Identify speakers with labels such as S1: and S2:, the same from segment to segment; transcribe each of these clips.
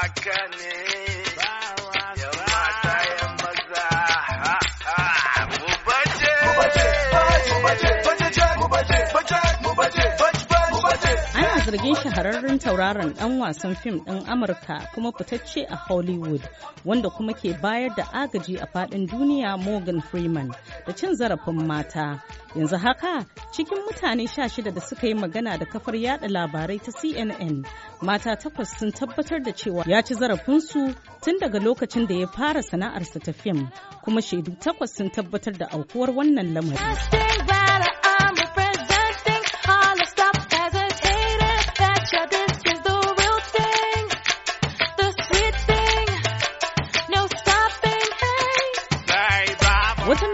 S1: haka ne
S2: zargin shahararren tauraron dan wasan fim ɗin Amurka kuma fitacce a Hollywood wanda kuma ke bayar da agaji a faɗin duniya Morgan Freeman da cin zarafin mata. Yanzu haka cikin mutane sha shida da suka yi magana da kafar yada labarai ta CNN mata takwas sun tabbatar da cewa ya ci zarafinsu tun daga lokacin da ya fara sana'arsa ta fim kuma shaidu takwas sun tabbatar da aukuwar wannan lamari.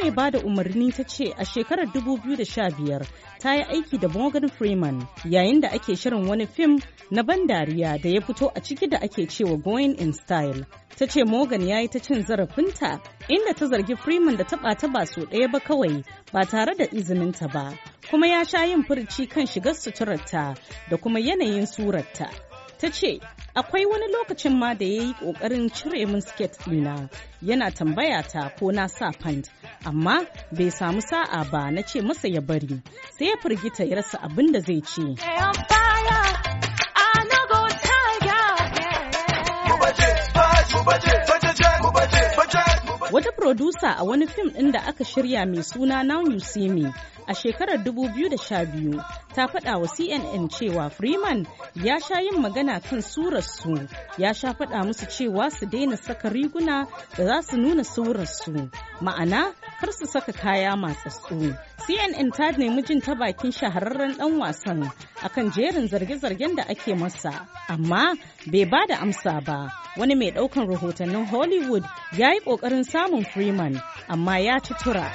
S2: mai ba da umarni ta ce a shekarar 2015 ta yi aiki da Morgan Freeman yayin da ake shirin wani fim na ban dariya da ya fito a ciki da ake cewa Going in Style. Ta ce Morgan ya yi ta cin zarafinta inda ta zargi Freeman da taba ta ba so ɗaya ba kawai ba tare da izininta ba, kuma ya sha yin furci kan shiga suturarta da kuma yanayin surarta. Ta ce, akwai wani lokacin ma da ya yi ƙoƙarin cire min siket ɗina yana tambaya ta ko na sa pant amma bai samu sa'a ba na ce masa ya bari sai ya firgita ya rasa abin da zai ce. Wata produsa a wani fim ɗin da aka shirya mai suna Now You See Me a shekarar 2012 ta faɗa wa CNN cewa Freeman ya sha yin magana kan surarsu ya sha faɗa musu cewa su daina saka riguna da za su nuna surarsu ma'ana kar su saka kaya matsatsu. CNN ta nemi jin ta bakin shahararren dan wasan akan jerin zarge-zargen da ake masa, amma bai ba da amsa ba. Wani mai daukan rahotannin Hollywood ya yi kokarin samun Freeman, amma ya ci tura.